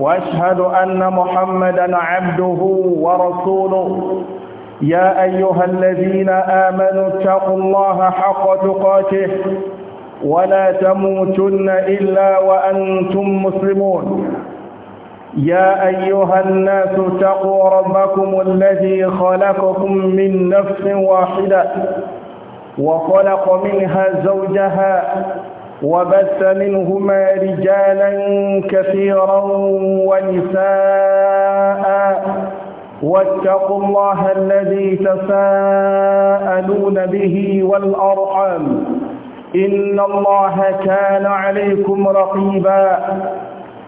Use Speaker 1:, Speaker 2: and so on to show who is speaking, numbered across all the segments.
Speaker 1: واشهد ان محمدا عبده ورسوله يا ايها الذين امنوا اتقوا الله حق تقاته ولا تموتن الا وانتم مسلمون يا ايها الناس اتقوا ربكم الذي خلقكم من نفس واحده وخلق منها زوجها وبث منهما رجالا كثيرا ونساء واتقوا الله الذي تساءلون به والأرحام إن الله كان عليكم رقيبا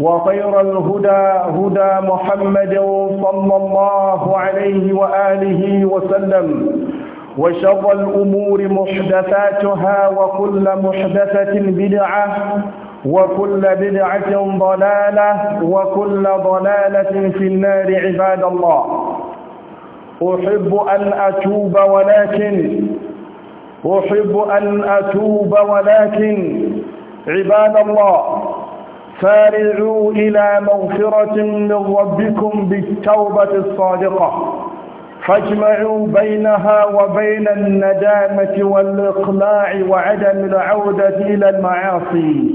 Speaker 1: وخير الهدى هدى محمد صلى الله عليه وآله وسلم وشر الأمور محدثاتها وكل محدثة بدعة وكل بدعة ضلالة وكل ضلالة في النار عباد الله أحب أن أتوب ولكن أحب أن أتوب ولكن عباد الله سارعوا إلى مغفرة من ربكم بالتوبة الصادقة فاجمعوا بينها وبين الندامة والإقلاع وعدم العودة إلى المعاصي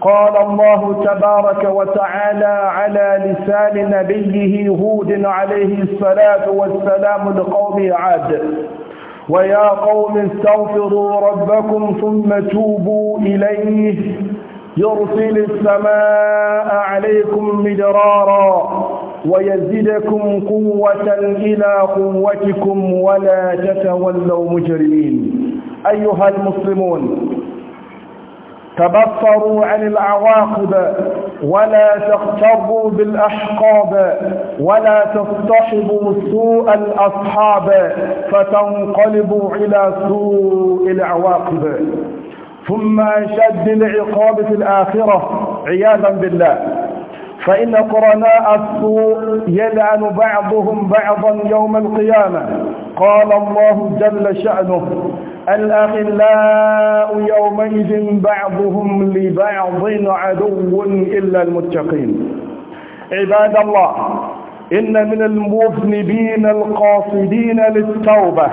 Speaker 1: قال الله تبارك وتعالى على لسان نبيه هود عليه الصلاة والسلام لقوم عاد ويا قوم استغفروا ربكم ثم توبوا إليه يرسل السماء عليكم مدرارا ويزدكم قوة إلى قوتكم ولا تتولوا مجرمين أيها المسلمون تبصروا عن العواقب ولا تغتروا بالأحقاب ولا تصطحبوا سوء الأصحاب فتنقلبوا إلى سوء العواقب ثم شد العقاب في الآخرة عياذا بالله فإن قرناء السوء يلعن بعضهم بعضا يوم القيامة قال الله جل شأنه الأخلاء يومئذ بعضهم لبعض عدو إلا المتقين عباد الله إن من المذنبين القاصدين للتوبة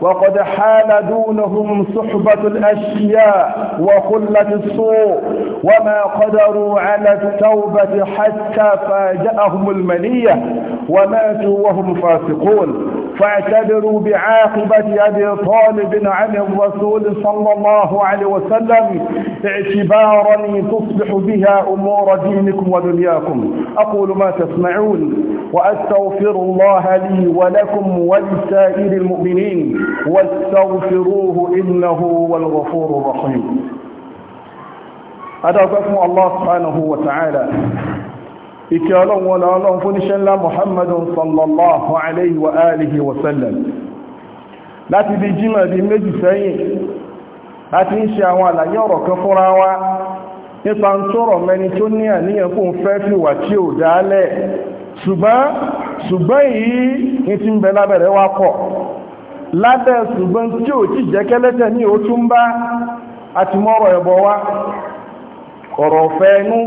Speaker 1: وقد حال دونهم صحبة الأشياء وخلة السوء وما قدروا على التوبة حتى فاجأهم المنية وماتوا وهم فاسقون فاعتبروا بعاقبة أبي طالب عن الرسول صلى الله عليه وسلم اعتبارا تصبح بها أمور دينكم ودنياكم أقول ما تسمعون وأستغفر الله لي ولكم ولسائر المؤمنين واستغفروه إنه هو الغفور الرحيم قسم الله سبحانه وتعالى ìkẹ́ ọlọ́run wọn ọlọ́run fún iṣẹ́ ńlá muhammadun sallallahu alayhi wa alihi wa sallam láti bí jímọ̀ bí méjì sẹ́yìn láti ń ṣe àwọn àlàyé ọ̀rọ̀ kan fúnra wa nípa ń tọrọ mẹni tó ní àníyàn fún fẹ́ fi wà tí ò dálẹ̀ ṣùgbọ́n ṣùgbọ́n yìí ní ti ń bẹ lábẹ̀rẹ̀ wá pọ̀ lábẹ́ ṣùgbọ́n tí ò ti jẹ́kẹ́lẹ́tẹ̀ ní ó tún bá àti ẹ̀bọ̀ wá ọ̀rọ̀ ọ̀fẹ́ inú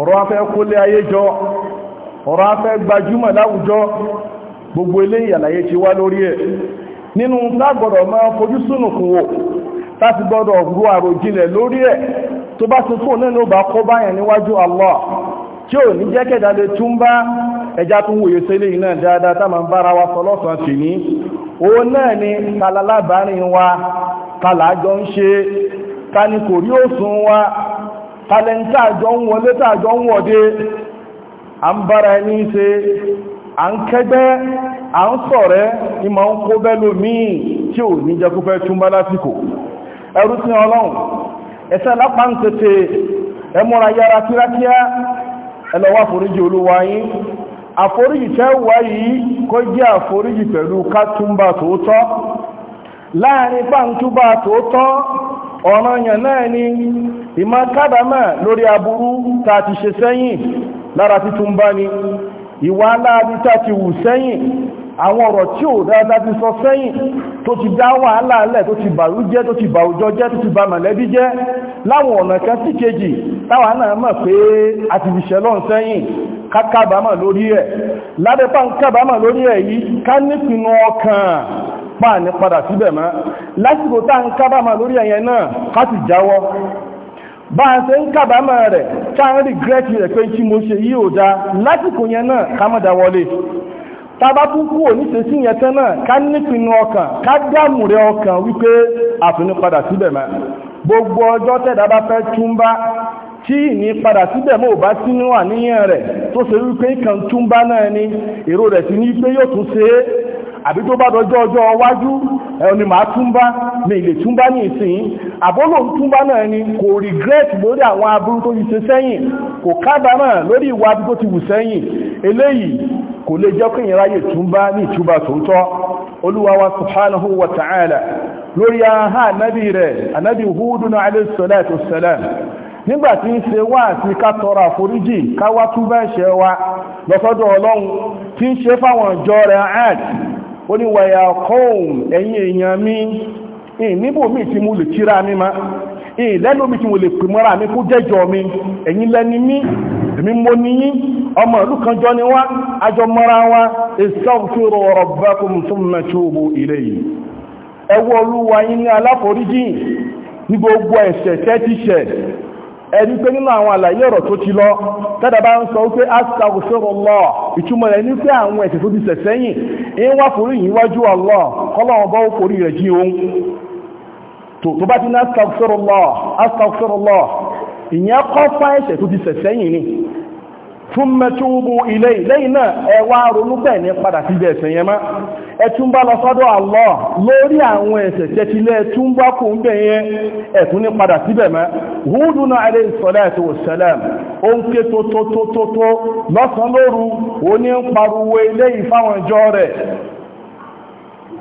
Speaker 1: ọ̀rọ̀ afẹ́ kólé ayé jọ ọ̀rọ̀ afẹ́ gbajúmọ̀ láwùjọ gbogbo ilé ìyàlàyé ti wá lórí ẹ̀ nínú tágbọ̀dọ̀ máa fojú súnùkún wò láti gbọ́dọ̀ ru àròjinlẹ̀ lórí ẹ̀ tó bá ti fún nínú bá wa ta ni kò kalẹ̀ntà àjọ ń wọlé tàjọ ń wọ̀dé à ima n kó bẹ́lò míì tí ò ní jẹ́ túnbá lásìkò ẹrú sí ọlọ́run ẹ̀sẹ̀ lápá ń tètè ẹmúra yára kírákíá ẹlọ́wà foríjì olúwa àforíjì tẹ́ wà kó jẹ́ àforíjì pẹ̀lú ká túnbá láàrin ọ̀ràn yẹn náà ni ìmọ̀ kádàmà lórí aburú tá a ti ṣe sẹ́yìn lára títún bá ni ìwà aláàbí tá a ti wù sẹ́yìn àwọn ọ̀rọ̀ tí ò dáadáa ti sọ sẹ́yìn tó ti dá wàhálà alẹ́ tó ti bàrú jẹ́ tó ti bà òjọ jẹ́ tó ti bà mọ̀lẹ́bí jẹ́ láwọn ọ̀nà kan sí kejì táwa náà mọ̀ pé a ti fi ṣẹlọ́n sẹ́yìn ká lórí ẹ̀ lábẹ́pá ń lórí ẹ̀ yìí ká nípinnu ọkàn páà ní padà síbẹ̀ mọ́ lásìkò tá ń kábàmà lórí ẹ̀yẹn náà ká sì jáwọ́ bá ń ṣe ń kábàmà rẹ̀ ká ń rìgírẹ́tì rẹ̀ pé tí mo ṣe yí ò dá lásìkò yẹn náà ká má dáwọ́lé tàbá tún kú ò níṣe sí yẹn tán náà ká nípinnu ọkàn ká dáàmù rẹ ọkàn wípé àtúní padà síbẹ̀ gbogbo ọjọ́ tẹ́dá bá fẹ́ túmbá tí ní padà síbẹ̀ mọ́ bá sínú àníyàn rẹ̀ tó ṣe wípé kan túmbá náà ni èrò rẹ̀ sí ní pé yóò tún ṣe é àbí tó bá dọjọ́ ọjọ́ wájú ẹni máa túnbá ní ilé túnbá ní ìsìn àbọ́lò túnbá náà ni kò regret lórí àwọn aburú tó ti ṣe sẹ́yìn kò kábàámọ̀ lórí ìwà aburú tó ti wù sẹ́yìn eléyìí kò lè jẹ́ kí ìráyè túnbá ní ìtúbà tòótọ́ olúwa wa subhanahu wa ta'ala lórí ahá ànábì rẹ̀ ànábì hudun alayhi salatu wassalam nígbàtí ń ṣe wá àti ká tọrọ àforíjì ká wá túbá ẹ̀ṣẹ̀ wa lọ́sọ́dọ̀ ọlọ́run tí ń ṣe fáwọn ìjọ rẹ̀ àádì ó ní wàyà kọ́ùn ẹ̀yìn èèyàn mi níbò mi tí mo lè kíra mi ma lẹ́nu mi tí mo lè pèmọ́ra mi kó jẹ́jọ mi ẹ̀yìn lẹ́ni mi èmi mo níyí ọmọ ìlú kan jọ ni wá ajọ mọ́ra wá istaghfiru rabbakum thumma tubu ilayhi ẹwọ́ olúwa yín ní aláforíjì ní gbogbo ẹ̀ṣẹ̀ ẹni pé nínú àwọn àlàyé ọ̀rọ̀ tó ti lọ tẹ́dà bá ń sọ wípé astaghfirullah ìtumọ̀ rẹ̀ ní pé àwọn ẹ̀ṣẹ̀ tó ti ṣẹ̀ ń wá forí yìí wájú Allah forí rẹ̀ jí thumma tubu ilayhi lẹ́yìn náà ẹ wá ronú bẹ́ẹ̀ ní padà sí ibẹ̀ ẹ̀ṣẹ̀ yẹn má ẹ tún bá lọ sọ́dọ̀ Allah lórí àwọn ẹ̀ṣẹ̀ tẹ́tílẹ̀ tún bá kò ń bẹ̀ yẹn ẹ ní padà síbẹ̀ mọ́ Huduna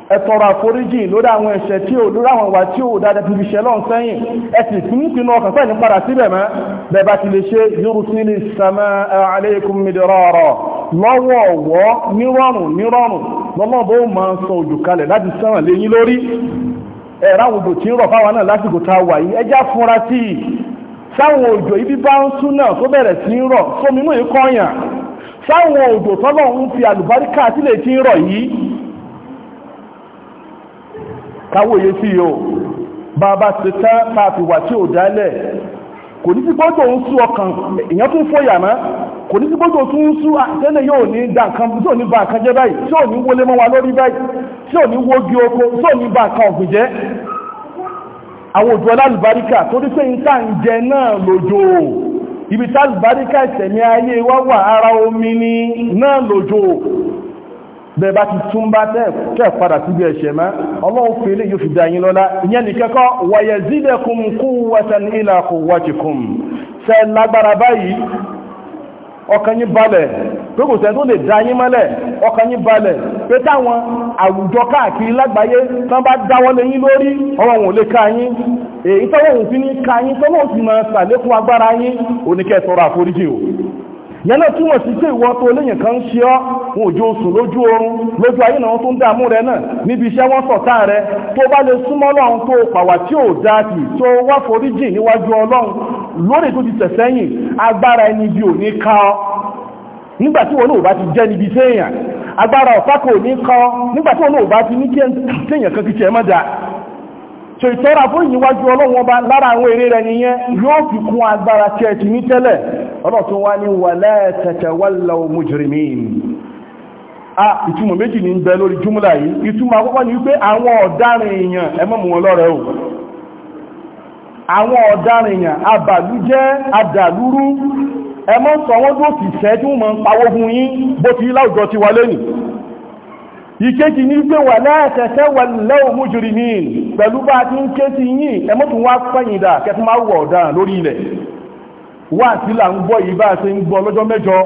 Speaker 1: ẹ tọrọ àforíjì lórí àwọn ẹ̀ṣẹ̀ tí ò lórí àwọn ìwà tí ò dáadáa ti fi ṣe lọ́n sẹ́yìn ẹ sì tún pinnu ọkàn sẹ́yìn padà síbẹ̀ mọ́ bẹ́ẹ̀ bá ti lè ṣe yurusili samaa alaykum midrara lọ́wọ́ ọ̀wọ́ nírọ̀rùn nírọ̀rùn lọ́mọ́ bó máa ń sọ òjò kalẹ̀ láti sẹ́wọ̀n léyìn lórí ẹ̀rọ àwòdò tí ń rọ̀ fáwọn náà lásìkò tá sáwọn òjò tọ́lọ̀ ń fi àlùbáríkà sílẹ̀ tí ń rọ̀ yìí káwòye sí yóò bá bá ti tá káàfi wà tí ò dálẹ̀ kò ní sí gbọ́dọ̀ ń sú ọkàn èèyàn tún fòyà mọ́ kò ní sí gbọ́dọ̀ tún ń sú àtẹ́lẹ̀ ah, yóò ní dá tí ní ba kan jẹ́ báyìí tí ò ní wọlé mọ́ wa báyìí oko ba torí pé ibi bá ti padà síbi ẹ̀ṣẹ̀ ọlọ́run fi ilé yóò fi dá yín lọ́lá ìyẹn nìkẹ́kọ́ wayazidakum quwwatan ila quwwatikum ṣe lágbára báyìí ọkàn yín balẹ̀ pé kò sẹ́ni tó lè dá yín mọ́lẹ̀ ọkàn yín balẹ̀ pé táwọn àwùjọ káàkiri lágbàáyé tán bá dáwọ́ lé yín lórí ọ̀rọ̀ wọn ò lè ká wọn ò osu lójú oorun lójú ayé náà tó ń dààmú rẹ náà níbi iṣẹ́ wọ́n sọ̀tá rẹ tó bá lè súnmọ́ lọ́run tó pàwà tí ò dáa tó wá foríjìn níwájú ọlọ́run lórí tó ti tẹ̀sẹ́yìn agbára ẹni ò ní ká ọ nígbàtí wọn náà bá ti jẹ́ níbi séèyàn agbára ọ̀pákò ní wọn ti ní kí èèyàn kan kíkẹ́ mọ́dá ìtọ́ra fún ọba lára àwọn eré nìyẹn yóò fi kún agbára tí ẹ ti ní tẹ́lẹ̀ ọlọ́tún wá Ah ìtumọ̀ méjì ní bẹ lórí jùmúlà yìí ìtumọ̀ àkọ́kọ́ ni wípé àwọn ọ̀daràn èèyàn ẹ má mú wọn lọ́rẹ̀ o àwọn ọ̀daràn èèyàn abàlújẹ́ adàlúrú ẹ má sọ wọ́n tó ti sẹ́ tí wọ́n mọ́ pawó fún yín bó ti láwùjọ ti wà lẹ́nìí ìkéjì ní pé wà láàtẹ̀tẹ̀ wà lẹ́wọ̀ mújúrí ní pẹ̀lú bá ti ń ké ti yìn ẹ má tún wá wá sí là ń gbọ́ yìí bá ṣe ń gbọ́ lọ́jọ́ mẹ́jọ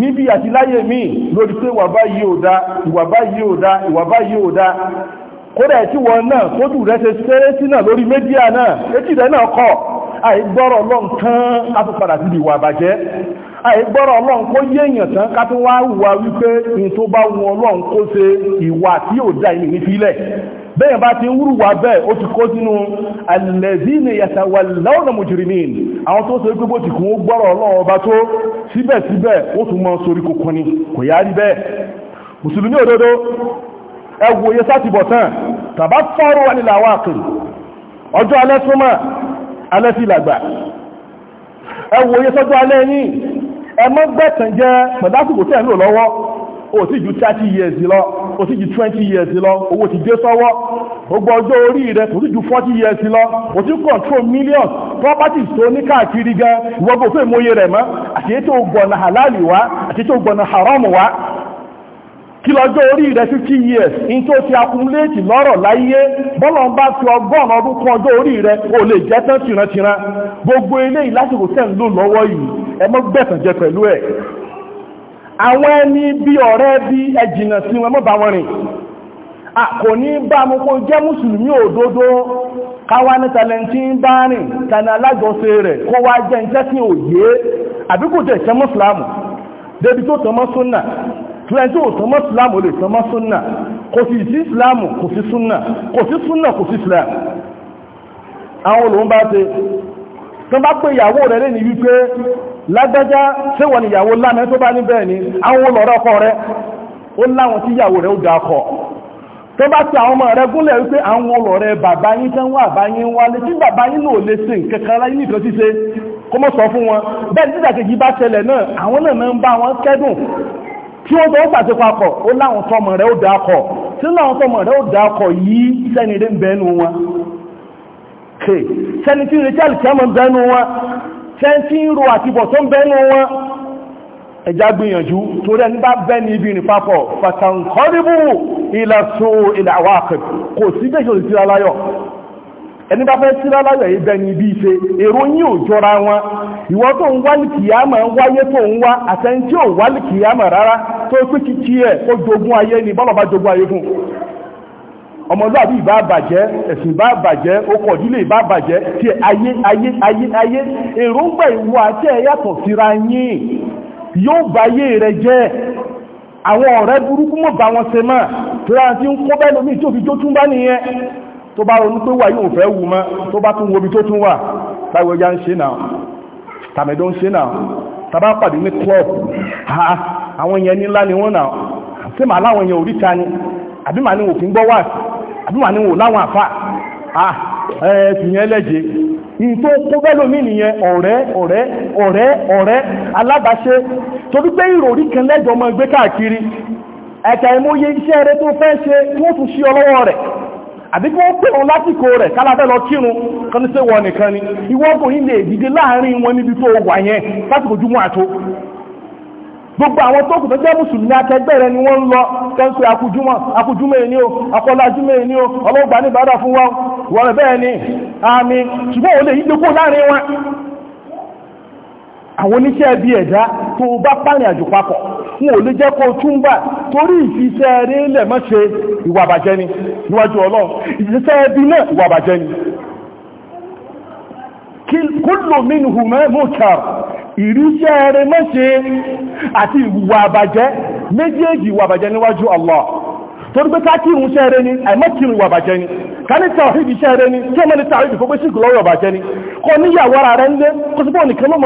Speaker 1: níbi àti láyé mi lórí pé ìwà báyìí ò dá ìwà báyìí ò dá ìwà báyìí ò dá kódà tí wọn náà kódù rẹ ṣe ṣeré sí náà lórí mẹ́díà náà etí rẹ náà kọ̀ àìgbọ́rọ̀ ọlọ́run tán ká tó padà síbi ìwà àbàjẹ́ àìgbọ́rọ̀ ọlọ́run kó yé èèyàn tán ká tó wá wà wípé ní tó bá wọn ọlọ́run kó ṣe ìwà tí ò dá ìmì ní fílẹ̀ bẹ́ẹ̀ bá ti ń wúrù wà bẹ́ẹ̀ ó ti kó sínú na yatawallawna mujrimin àwọn tó sọ gbogbo ti kún ó gbọ́rọ̀ ọlọ́run ọba tó síbẹ̀síbẹ̀ ó tún mọ́ sórí kòkó ni kò yá rí bẹ́ẹ̀ mùsùlùmí òdodo tàbá fọ́rọ̀ wà o sì ju thirty years lọ o sì ju 20 years lọ owó ti dé sọ́wọ́ gbogbo ọjọ́ orí o ju forty years lọ o sì control millions properties tó ní káàkiri gan ìwọ́gbọ̀n fún ìmòye rẹ̀ mọ́ àti ètò ògbọ̀nà halali wa àti ètò ògbọ̀nà haram wa kí lọ́jọ́ orí rẹ̀ 50 years in tó ti akúmúléètì lọ́rọ̀ láyé bọ́lọ̀ bá fi ọgbọ́n ọdún kan o lè jẹ́ tán gbogbo eléyìí lásìkò tẹ́ ń lò lọ́wọ́ yìí ẹ mọ́ gbẹ̀sàn àwọn ẹni bí ọ̀rẹ́ bí ẹjìnà sí wọn mọ́bà wọn rìn a kò ní bá mú kó jẹ́ mùsùlùmí òdodo káwá ní tàlẹ́ntí ń bá rìn tàní alájọsẹ rẹ̀ kó wá jẹ́ iṣẹ́ sí òye àbíkò jẹ́ ìṣẹ́ mùsùlùmù débi tó tọmọ́ súnà tùrẹ́ntì ò tọmọ́ ìsìlámù lè tọmọ́ súnà kò sí sí ìsìlámù kò sí súnà kò sí súnà kò sí ìsìlámù àwọn olùwọ́n bá ṣe tó bá pé ìyàwó rẹ̀ lé ní wípé lágbájá ṣé wọ́n ni ìyàwó lánàá tó bá ní bẹ́ẹ̀ ni àwọn olọ́rọ̀ ọkọ rẹ̀ ó láwọn tí ìyàwó rẹ̀ ó da ọkọ̀ tó bá ti àwọn ọmọ rẹ̀ gúnlẹ̀ wípé àwọn olọ́rẹ̀ bàbá yín tán wà bá yín wálé tí bàbá yín náà lè ṣe nǹkan kan láyé nìkan ṣíṣe kó mọ́ sọ fún wọn bẹ́ẹ̀ nígbà kejì bá ṣẹlẹ̀ náà àwọn ń bá wọn tẹ́ntí ń ro àtibọ̀ tó ń bẹ́nu wọn ẹjá gbìyànjú tó rẹ̀ ní bá bẹ́ ní ibi rìn papọ̀ fàtàǹkọ́rìbù ilẹ̀ so ilẹ̀ àwọn àkẹ́ kò sí bẹ́ẹ̀ ṣòlì síra láyọ̀ ẹni bá fẹ́ síra láyọ̀ yìí bẹ́ ní ibi ṣe èrò yín ò jọra wọn ìwọ tó ń wá ní kìyàmà ń wáyé tó ń wá àtẹ́ntí ò wá ní kìyàmà rárá tó pé kìkì ẹ̀ ó jogún ayé ni bọ́lọ̀ jogún ayé fún ọmọlúwàbí ìbá bàjẹ́ ẹ̀sìn ìbá bàjẹ́ okọ̀ ìdílé ìbá bàjẹ́ tí ayé ayé ayé ayé èròǹgbà ìwọ àti ẹ̀yàtọ̀ síra yín yóò báyé rẹ jẹ́ àwọn ọ̀rẹ́ burúkú mọ̀ bá wọn ṣe máa tó yára tí ń kọ́ bẹ́ẹ̀ lómi tí ó fi jó tún bá nìyẹn tó bá ronú pé wà yóò fẹ́ wù mọ́ tó ni yẹn àbí màá ní òfin gbọ́ àbúwà ní wò láwọn àfà ẹ̀ẹ̀tìyàn ẹlẹ́jẹ̀ ìtò kó bẹ́lómi nìyẹn ọ̀rẹ́ ọ̀rẹ́ ọ̀rẹ́ ọ̀rẹ́ alábàáṣe torí pé ìròrí kan lẹ́jọ ọmọ ẹgbẹ́ káàkiri ẹ̀ka ìmóye iṣẹ́ rẹ tó fẹ́ ṣe wọ́n tún sí ọlọ́wọ́ rẹ̀ àbí kí wọ́n pè wọn lásìkò rẹ̀ kálàfẹ́ lọ kírun kan ní sẹ́wọ̀n nìkan ni ìwọ́gùn ilé ìdíje láàárín wọn níbi tó wà yẹn lásìkò jùmọ̀ àtó gbogbo àwọn tó kù tó jẹ́ mùsùlùmí akẹgbẹ́ rẹ ni wọ́n ń lọ kẹ́ńsì akujúmọ̀ akujúmọ̀ èní o akọlájúmọ̀ èní o ọlọ́gbà ní ìbádà fún wọn wọ́n rẹ̀ bẹ́ẹ̀ ni àmì ṣùgbọ́n òun lè yí dókó láàrin wọn àwọn oníṣẹ́ ẹbí ẹ̀dá tó bá pàrin àjò papọ̀ wọn ò lè jẹ́ kó túmbà torí ìfisẹ́ rí lẹ̀ mọ́ ṣe ìwà bàjẹ́ ni níwájú ọlọ́run ìfisẹ́ bí náà ìwà bàjẹ́ ni kúlò mínú mẹ́mùkàr ìríṣẹ́ rẹ̀ mẹ́ṣe àti ìwà àbàjẹ́ méjèèjì ìwà àbàjẹ́ níwájú Allah torí pé káàkiri iṣẹ́ rẹ̀ ni àìmọ́kiri ìwà àbàjẹ́ ni kàní tàwíìdì iṣẹ́ rẹ̀ ni kí ọmọdé tàwíìdì fún pé sí ìgbòlọ́rọ̀ àbàjẹ́ ni kọ níyàwó ara rẹ̀ ńlé kó sípò nìkan ló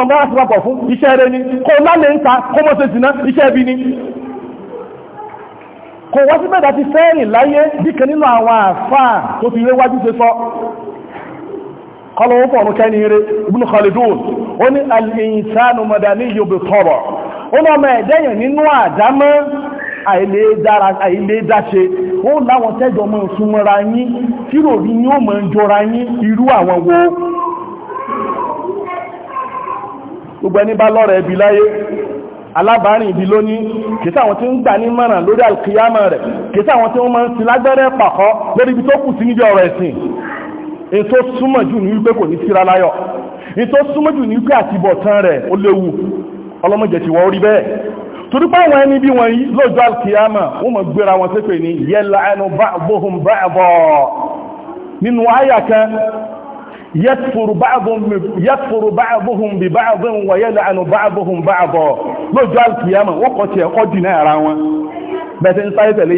Speaker 1: mọ̀ bá قالوا وفهم كان يري ابن خالدون ون الإنسان مدني بالطبع ون ما دين ننوى دم àìlé dáṣe ó láwọn tẹ́jọ mọ́ súnmọ́ra yín tí rò rí ní ó mọ́ ń jọra yín irú àwọn wo gbogbo ẹni bá lọ́rọ̀ ẹbí láyé alábàárìn ibi lónìí kìí sáwọn tí ń gbà ní mọ̀ràn lórí alkiyama rẹ̀ kìí sáwọn tí wọ́n mọ́ ń lágbẹ́rẹ́ pàkọ́ lórí ibi tó kù sí níjọ́ ọ̀rọ̀ ẹ̀sìn èyí tó súnmọ̀ jù ní wípé kò ní síra láyọ̀ èyí tó súnmọ̀ jù ní wípé àtibọ̀tán rẹ̀ ó léwu ọlọ́mọdé ti wọ́n rí bẹ́ẹ̀ torí pé àwọn ẹni bí wọ̀nyí lọ́jọ́ alkiyama wọ́n mọ̀ gbéra wọn ṣépè ní yẹ́lá ẹnu ba'dhum ba'dha nínú àyà kan yẹ́tùrù ba'dhum bẹ́ẹ̀sẹ̀ ń sáré tẹ̀lé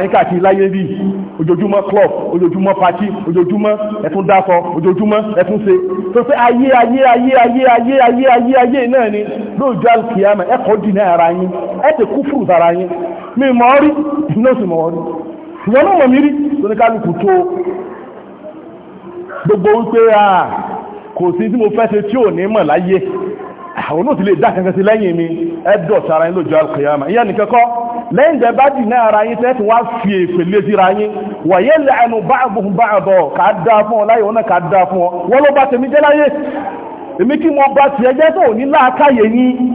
Speaker 1: yín káàkiri láyé bí ojoojúmọ́ club ojoojúmọ́ party ojoojúmọ́ ẹ̀tún dákọ ojoojúmọ́ ẹ̀tún ṣe tó pé ayé ayé ayé ayé ayé ayé ayé ayé náà ni lóòjọ́ alkiyama ẹ̀kọ́ dì náà ara yín ẹ̀tẹ̀ kú fúrù sára yín mi mọ̀ rí náà sì mọ̀ rí ìyọ́n náà mọ̀ mí rí lóníkálukú tó gbogbo wípé kò sí tí mo fẹ́ ṣe tí ò ní mọ̀ láyé àwọn náà ti lè dákankan sí lẹ́yìn mi ẹ́dọ̀ sára yín lójú alkiyama ìyá nìkan kọ́ lẹ́yìn tẹ́ bá dì náà ara yín tẹ́tù wá fi èfè lé síra yín wà yẹ́ lẹ́nu báàbùn báàbọ̀ ká dá fún ọ láyé ọ̀nà ká dá fún ọ wọ́n ló bá tẹ̀mí jẹ́ láyé èmi kí mo bá tiẹ̀ jẹ́ tó ní láàkáyè yín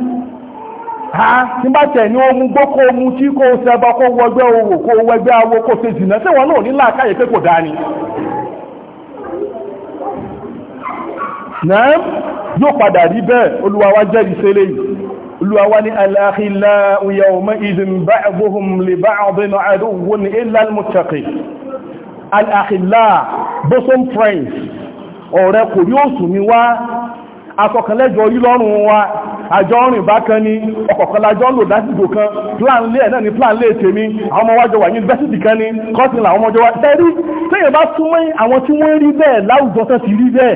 Speaker 1: ha tí bá tẹ̀ ní ohun gbó kó mu tí kó sẹ́bọ kó wọgbẹ́ owó kó wẹgbẹ́ awo kó ṣe jìnà tí wọn náà ní láàkáyè pé kò dání yóò padà rí bẹ́ẹ̀ olúwa wa jẹ́rìí sí eléyìí olúwa wa ní al-akhillau yawma'idhin ba'duhum li ba'din aduwwun illa al-muttaqin al-akhillau bosom friends ọ̀rẹ́ kò rí òsùn ni wá akọkànlẹ́jọ orí lọ́rùn àjọ ọrìn bákan ni ọkọ̀kànlájọ́ lò dásìgbò kan plan lé ẹ̀ náà ni plan lé tèmi àwọn ọmọ wájọ wà yunifásitì kan ni kọ́sìn làwọn tẹ́rí tẹ́yẹ̀ bá súnmọ́ àwọn tí wọ́n rí bẹ́ẹ̀ láwùjọ tán ti rí bẹ́ẹ̀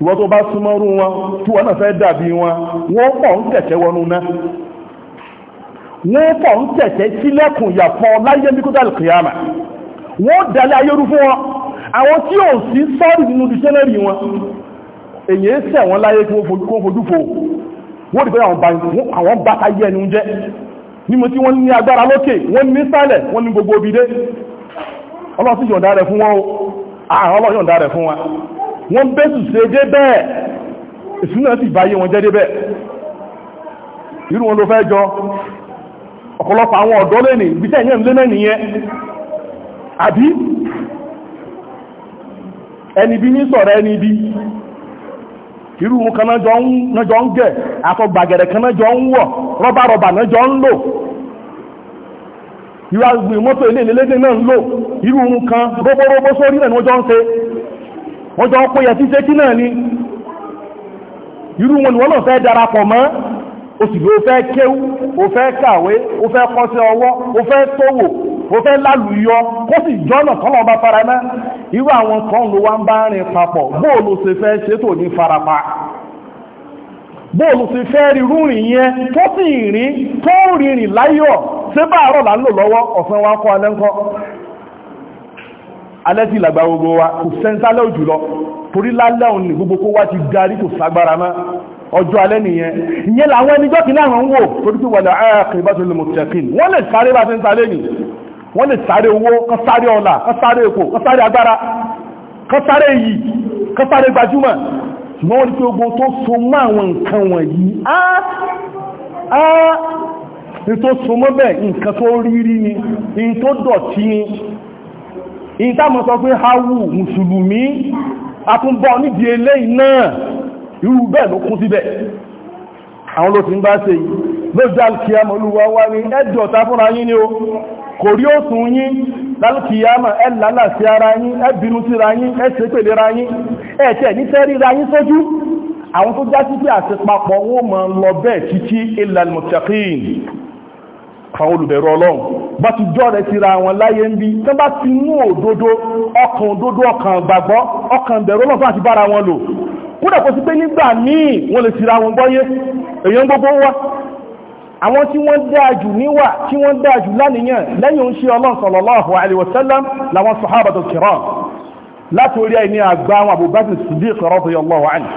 Speaker 1: ìwọ́n tó bá súnmọ́rú wọn tí wọ́n náà fẹ́ dàbí wọn wọ́n pọ̀ ń tẹ̀tẹ̀ wọnú náà wọ́n pọ̀ ń tẹ̀tẹ̀ sílẹ̀kùn ìyàpọ̀ láyé mikúta kìyàmà wọ́n dalẹ̀ ayérú fún wọn àwọn tí ò sí sọ́ọ̀rì nínú dìṣẹ́lẹ̀rì wọn èyí sẹ̀ wọ́n láyé kí wọ́n fojú fò wọ́n rí pé àwọn bàtà rẹ̀ fún wọn ah, wọ́n bẹ́sù ṣe dé bẹ́ẹ̀ ìsúná sì báyé wọn jẹ́ dé bẹ́ẹ̀ irú wọn ló fẹ́ jọ ọ̀pọ̀lọpọ̀ àwọn ọ̀dọ́ lẹ́nì ìgbésẹ̀ yẹn ń lé mẹ́ni yẹn àbí ẹni bí ní sọ̀rọ̀ ẹni bí irú wọn kan náà jọ ń gẹ̀ àtọ̀gbàgẹ̀rẹ̀ kan náà jọ ń wọ̀ rọ́bàrọ́bà náà jọ ń ilé ìlélẹ́gbẹ̀ náà ń lò irú wọn gbogbo rógbó sórí náà ni wọ́n jọ ń ṣe wọ́n jọ kó yẹ tí sétí náà ni irú wọn ni wọ́n náà fẹ́ darapọ̀ mọ́ o fẹ́ kéwú o fẹ́ kàwé o fẹ́ ọwọ́ o fẹ́ tówò o fẹ́ lálùyọ kó sì jọ́nà kan bá fara mọ́ irú àwọn kan ló wá ń bá rìn papọ̀ bóòlù fẹ́ farapa bóòlù fẹ́ rí yẹn tó sì rí tó rìnrìn láyọ̀ alẹ́ ti làgbà gbogbo wa kò sẹ́ńtálẹ́ òjùlọ torí lálẹ́ òun ní gbogbo kó wá ti darí kò sagbára mọ́ ọjọ́ alẹ́ nìyẹn ìyẹn làwọn ẹnijọ́ kìí láwọn ń wò torí pé wà láàkìrìbátò lè mọ̀tẹ̀kìn wọ́n lè sáré bá sẹ́ńtálẹ́ nì wọ́n lè sáré owó kan sáré ọlà kan sáré epo kan sáré agbára kan ni ní tó ni ìtàmọ̀ sọ pé hawu mùsùlùmí àtúnbọ̀ nídìí eléyìí náà irú bẹ́ẹ̀ ló kún síbẹ̀ àwọn ló ti ń bá ṣe yìí lójú alkiyama olúwa wá ní ẹjọ́ ta fúnra yín ni o kò rí òsùn yín lálùkìyàmà ẹ lálà sí ara yín ẹ bínú síra yín ẹ ṣe pèlè ra yín ẹ tẹ̀ ní fẹ́ ríra yín sójú àwọn tó já sí pé àti papọ̀ wọn mọ̀ lọ bẹ́ẹ̀ títí ilal muttaqin àwọn olùbẹ̀rù ọlọ́run bá ti jọ́ rẹ̀ ti ra àwọn láyé ń bí tán bá ti mú òdodo ọkàn òdodo ọkàn gbàgbọ́ ọkàn bẹ̀rù ọlọ́run láti bára wọn lò kódà kó sí pé nígbà míì wọ́n lè ti ra wọn gbọ́yé èyàn gbogbo wá àwọn tí wọ́n dáa jù níwà tí wọ́n dáa jù lánìyàn lẹ́yìn oúnṣe ọlọ́run sallallahu alaihi wasallam làwọn sahaba tó kìrọ̀ láti orí ẹni àgbà àwọn Abubakar Siddiq radiyallahu anhu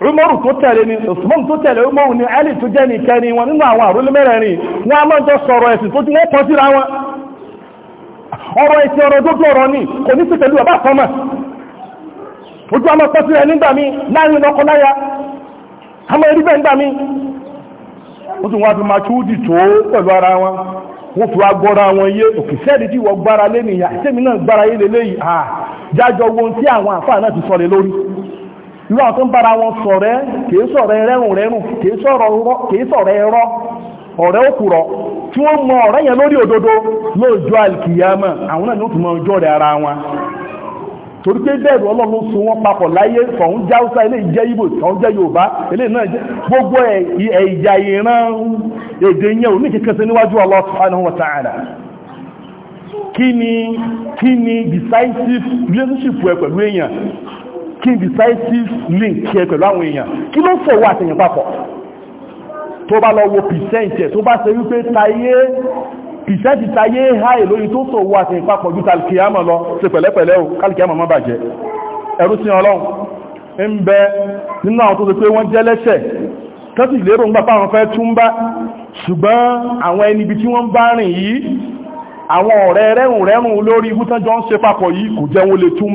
Speaker 1: umaru tó tẹ̀lé ni usman tó tẹ̀lé umaru ni ali tó jẹ́ ní kẹni wọn nínú àwọn àrúlé mẹ́rẹ̀rin wọn a máa jọ sọ̀rọ̀ ẹ̀sìn tó tí wọ́n síra wọn ẹ̀sìn ọ̀rọ̀ tó ni kò ní sí pẹ̀lú fọ́mà ojú ara wọn wọ́n fi wá gbọ́ra wọn yé òkèsẹ́ẹ̀dì tí irú àwọn tó ń bára wọn ṣọ̀rẹ́ kìí ṣọ̀rẹ́ rẹ́rùn rẹ́rùn kìí ṣọ̀rẹ́ ẹ̀rọ ọ̀rẹ́ òkùrọ̀ tí wọ́n mọ ọ̀rẹ́ yẹn lórí òdodo lóòjọ́ alkiyama àwọn náà ni ó tún mọ ọjọ́ rẹ̀ ara wọn torí pé bẹ́ẹ̀rù ọlọ́run so wọ́n papọ̀ láyé tọ̀hún jẹ́ haúsá ilé ìjẹ́ ìbò tọ̀hún jẹ́ yorùbá ilé náà jẹ́ gbogbo ẹ̀yà ìran èdè yẹn ò ní kíkẹ́ sí níwájú Allah subhanahu wa ta'ala kí ni kí ni decisive relationship pẹ̀lú èèyàn kí n decisive link ṣe pẹ̀lú àwọn èèyàn kí ló fẹ́ wà àtẹ̀yìn papọ̀ tó bá lọ wo percent ẹ̀ tó bá ṣe wípé tayé percent tayé high lórí tó sọ wà àtẹ̀yìn papọ̀ ju kàlìkìyàmọ̀ lọ ṣe pẹ̀lẹ́pẹ̀lẹ́ o kàlìkìyàmọ̀ má bàjẹ́ ẹ̀rú sí ọlọ́run ń bẹ nínú àwọn tó ṣe pé wọ́n jẹ́ lẹ́ṣẹ̀ tọ́tì lérò ń gbapá àwọn ọ̀rẹ́ rẹ́rùn rẹ́rùn lórí ibú tán ń ṣe papọ̀ yìí kò jẹ́ lè tún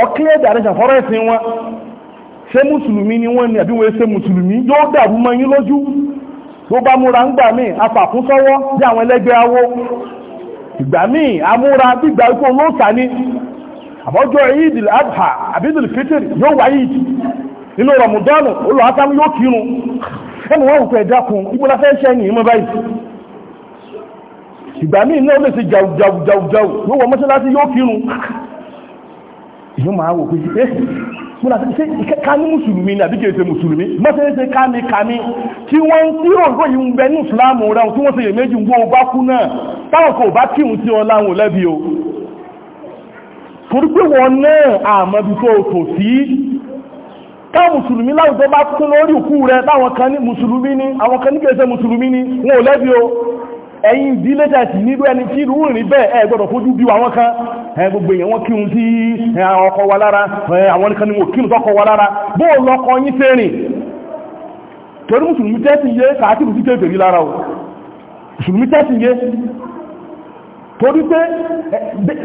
Speaker 1: ọ̀kílẹ̀ èdè àrẹ́sà fọ́rọ̀ ẹ̀sìn wọn ṣé mùsùlùmí ni wọ́n ni àbí wọ́n ṣe mùsùlùmí yóò dàrú mọ́ yín lójú ló bá múra ń gbà míì afàkún sọ́wọ́ bí àwọn ẹlẹ́gbẹ́ awó ìgbà míì amúra bí ìgbà ikú olóòsà ni àbọ́jọ́ ìdìl abha àbídìl fitr yóò wáyé inú rọmùdánù olùhásám yóò kírun ẹnu wọn òkú ẹ̀dá kun ìgbóná fẹ́ ṣẹ́ ní ìmọ̀ báyìí ìgbà míì náà lè ṣe jàù jàù jàù jàù yóò wọ mọ́ṣáláṣí yóò kírun yóò máa wò pé eh, ṣe múlá ṣe ká ní mùsùlùmí ní àbíkẹ́ ṣe mùsùlùmí mọ́sẹ̀ ṣe kámi kámi tí wọ́n tí òǹkó yìí ń bẹ ní ìsìláàmù rẹ̀ tí wọ́n ṣe yè méjì ń gbọ́ ọba kú náà táwọn kò bá kírun tí wọn láwọn lẹ́bi o torí pé wọn náà àmọ́bi tó tò sí ká mùsùlùmí láwùjọ bá kún lórí òkú rẹ̀ táwọn kan ní mùsùlùmí ni àwọn kan ní kìí ṣe mùsùlùmí ni wọn ò lẹ́bi o ẹ̀yin ìdílé tẹ̀sí nílùú ẹni tí irú ìrìn bẹ́ẹ̀ ẹ̀ gbọ́dọ̀ fojú bí àwọn kan gbogbo èèyàn wọ́n kírun tí ọkọ wa lára àwọn nìkan ni wọ́n kírun tọ́kọ wa lára bó lọ́kọ yín fẹ́rìn torí mùsùlùmí tẹ́sì yé kàátìrù sí tẹ́sì lára o mùsùlùmí tẹ́sì yé torí pé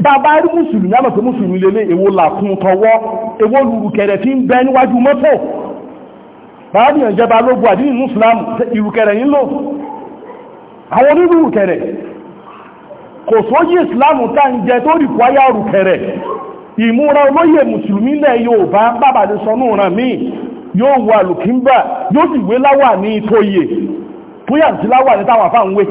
Speaker 1: bàbá rí mùsùlùmí àmọ̀ pé mùsùlùmí lélẹ̀ èwo làkún tọwọ́ èwo lùrù kẹ̀rẹ̀ tí ń bẹ níwájú mọ́tò bàbá ìjọba lógún àdínì mùsùlùmí ìrùkẹ̀rẹ̀ nílò àwọn onírùkẹ̀rẹ̀ kò sóyí ìsìláàmù tá ń jẹ tó rí kwáyà rùkẹ̀rẹ̀ ìmúra olóyè mùsùlùmí lẹ̀ yóò bá bàbá ní sọnú ràn míì yóò wọ àlùkímbà yóò sì wé láwà ní ìtòyè tó yà sí láwà ní táwọn àfáà ń wé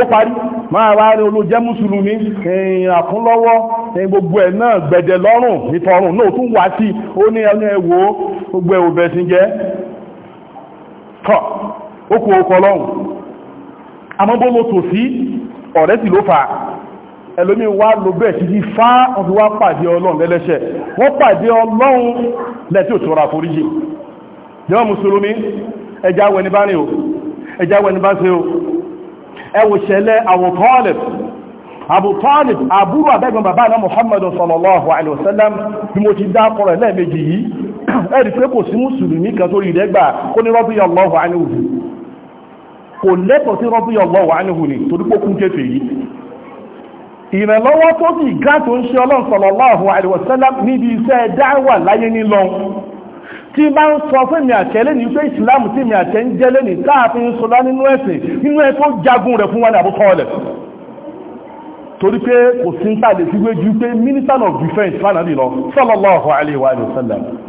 Speaker 1: ó parí máa wá rí olójẹ́ mùsùlùmí ẹ̀yìn àkúnlọ́wọ́ ẹ̀yìn gbogbo ẹ̀ náà gbẹ̀dẹ̀ lọ́rùn ìtọrùn náà tún wá sí ó ní ẹni ẹ̀wò gbogbo ẹ̀wò bẹ̀sìn jẹ́ tọ́ ó kú okọ̀ lọ́hùn àmọ́bọ́lọ́ tòsí ọ̀rẹ́ sì ló fà á ẹlòmí wá ló bẹ́ẹ̀ sí fá ọdún wá pàdé ọlọ́run lẹ́lẹ́ṣẹ̀ wọ́n pàdé ọlọ́run lẹ́tí òtòrò àforíjì jẹ́wọ́n mùsùlùmí ẹjá wẹni bá ní o ẹjá wẹni bá ṣe o ẹwò ṣẹlẹ̀ Abu Talib Abu Talib àbúrò àbẹ́gbọ̀n bàbá náà Muhammadu sallallahu alaihi wasallam bí mo ti dá kọrọ̀ lẹ́ẹ̀mejì yìí ẹ̀rí pé kò sí mùsùlùmí kan tó rí ìdẹ́gbà kó ní rọ́bí Allahu anhu kò lẹ́tọ̀ sí rọ́bí ọlọ́wà ánìhù ni torí pé kún kéfè yìí ìrànlọ́wọ́ tó sì gá tó ń ṣe ọlọ́run sallallahu alaihi wasallam níbi iṣẹ́ dáwà láyé nílọ tí bá ń sọ fún mi àtẹ́lẹ́ ní pé ìsìláàmù tí mi àtẹ́ ń jẹ́lẹ́ ní káàfin sọlá nínú ẹ̀sìn nínú ẹ̀ tó jagun rẹ̀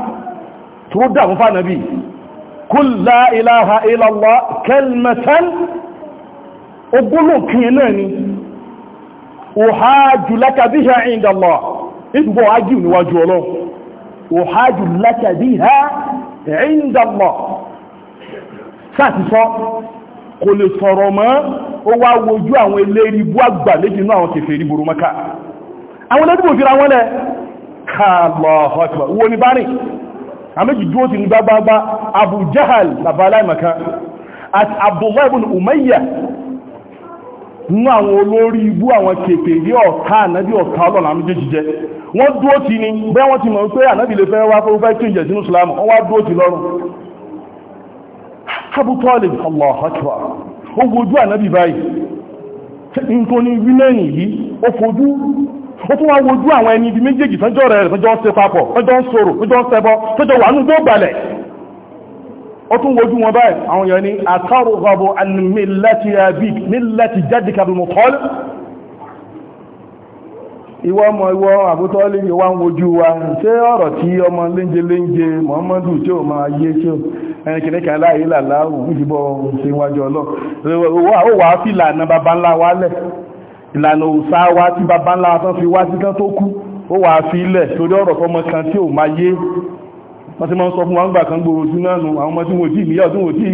Speaker 1: tó dámú fánàbí kul la ilaha illallah kẹlmẹ̀tẹ́n ogúnlòkín náà ni òhájù lákàbí ha ìdàlọ́ ìdùbọ̀ ájì níwájú ọlọ́ òhájù lákàbí ha ìdàlọ́ sáàtìsọ́ kò lè sọ̀rọ̀ mọ́ ó wá wojú àwọn eléri bú àgbà méjì náà àwọn kèfèrí burú maka àwọn olóògbò wọ́n lẹ́ kààlọ̀ ọ̀họ́ a méjì dúró ti ń abu jahal bàbá aláìmọ̀ká àti abdullahi ibn umayya nínú àwọn olórí ibú àwọn kèfèrí ọ̀tá ànábì ọ̀tá ọlọ́nà àmì jẹ́ jíjẹ́ wọ́n dúró ti ní bẹ́ wọ́n ti mọ̀ pé ànábì lè fẹ́ wá fẹ́ ó tún wá wojú àwọn ẹni ibi méjèèjì tọ́jọ́ rẹ̀ tọ́jọ́ ń ṣe papọ̀ tọ́jọ́ ń sọ̀rọ̀ tọ́jọ́ ń ṣẹbọ tọ́jọ́ wà nínú gbọ́gbàlẹ̀ ó tún wojú wọn báyìí àwọn èèyàn ní àkàrò rọ̀bù àmìlẹ́tì abik mílẹ́tì jáde kàbìmù kọ́lù ìwọ ọmọ ìwọ àbútọ́lì ìwà ń wojú wa ṣé ọ̀rọ̀ tí ọmọ léńjẹ léńjẹ Muhammadu tí ó máa yé tí ó ẹnikẹ̀ẹ́ kan láàyè làláwù ìdìbò ṣe wájú ọlọ́ ìlànà òsá wá tí bàbá ńlá tán fi wá títán tó kú ó wà fi ilẹ̀ torí ọ̀rọ̀ tọmọ kan tí ò máa yé wọ́n ti máa ń sọ fún wọn gbà kan gbòòrò tí náà nù àwọn ọmọ tí wọ́n tí ìmìyà tí wọ́n tí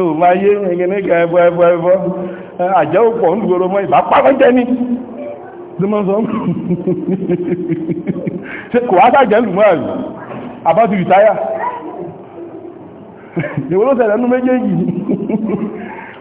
Speaker 1: ò máa yé ẹgẹnẹ́gẹ ẹbọ ẹbọ ẹbọ àjẹ́ òpọ̀ ń gbòòrò mọ́ ìbá pàrọ̀ jẹ́ ni tí máa ń sọ ṣe kò wá sàjẹ́ lù mọ́ àbá ti rìtáyà ìwọ́n ló ṣẹlẹ̀ nú méjèèjì